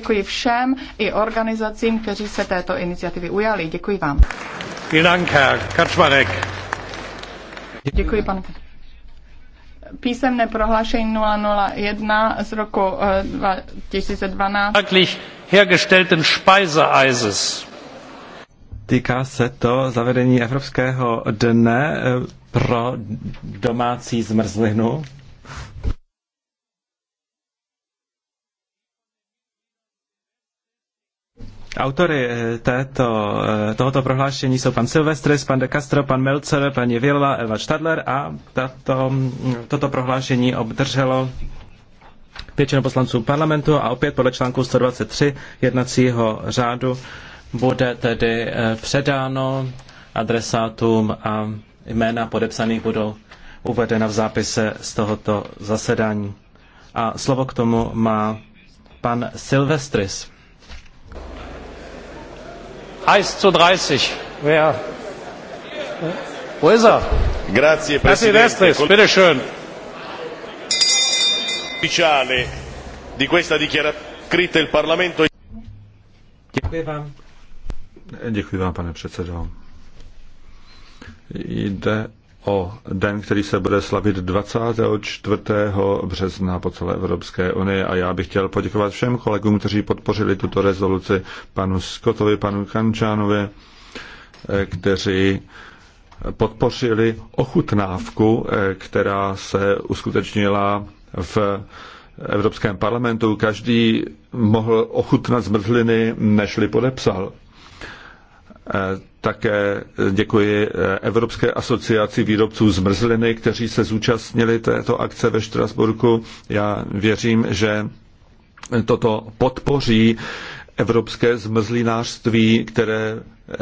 děkuji všem i organizacím, kteří se této iniciativy ujali. Děkuji vám. Děkuji, pane písemné prohlášení 001 z roku 2012. Eh, Týká se to zavedení Evropského dne eh, pro domácí zmrzlinu. Autory eh, této, eh, tohoto prohlášení jsou pan Silvestris, pan de Castro, pan Melcer, paní Villa, Eva Stadler a tato, mm, toto prohlášení obdrželo většinu poslanců parlamentu a opět podle článku 123 jednacího řádu bude tedy eh, předáno adresátům a jména podepsaných budou uvedena v zápise z tohoto zasedání. A slovo k tomu má pan Silvestris heißt zu 30. Wer? Wo ist er? Grazie, Presidente. Herr Silvestris, bitte schön. Ufficiale di Děkuji vám. Děkuji vám, pane předsedo. Jde o den, který se bude slavit 24. března po celé Evropské unii. A já bych chtěl poděkovat všem kolegům, kteří podpořili tuto rezoluci, panu Scottovi, panu Kančánovi, eh, kteří podpořili ochutnávku, eh, která se uskutečnila v Evropském parlamentu. Každý mohl ochutnat zmrzliny, nešli podepsal. Eh, také děkuji eh, Evropské asociaci výrobců zmrzliny, kteří se zúčastnili této akce ve Štrasburku. Já věřím, že toto podpoří evropské zmrzlinářství, které eh,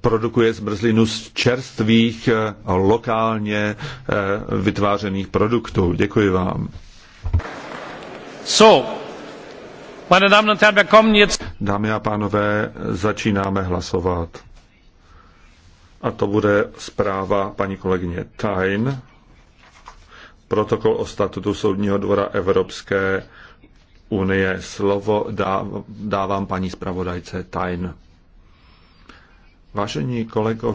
produkuje zmrzlinu z čerstvých, lokálně vytvářených produktů. Děkuji vám. So, Dámy a pánové, začínáme hlasovat. A to bude zpráva paní kolegyně Tain, protokol o statutu Soudního dvora Evropské unie. Slovo dávám paní zpravodajce Tain. Vážení kolegové,